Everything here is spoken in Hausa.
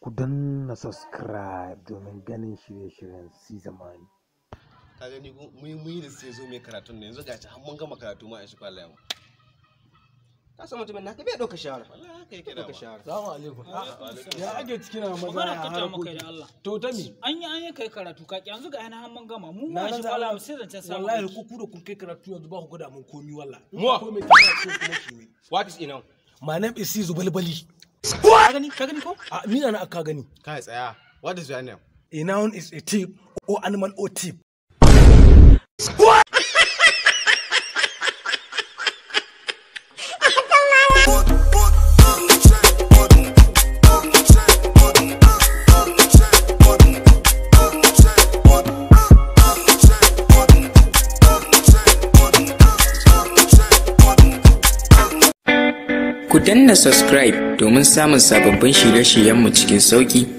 ku danna subscribe domin ganin shirye-shiryen si zamani ka gani mu yi da sai zo mai karatu ne, yanzu ga ci mun gama karatu ma a shi kwallon yamma ka san mutumin naka bai ɗauka shawara wallahi haka yake da shawara salamu alaikum ah, ya ake cikin maza ya har ku Allah to ta mi an yi an yi kai karatu ka ki yanzu ga yana har mun gama mu ma shi kwallon mu sai zance samu wallahi ku ku da kun kai karatu yanzu ba ku gada mun komi wallahi mu ko me ta ce kuma shi what is enough my name is Sizu Balbali Ka gani? Ka gani ko? Ni na aka gani. Kai tsaya. What is your name? A noun is a tip or animal or tip. What? Ku danna subscribe domin samun sababbin shirye-shiryenmu cikin sauƙi.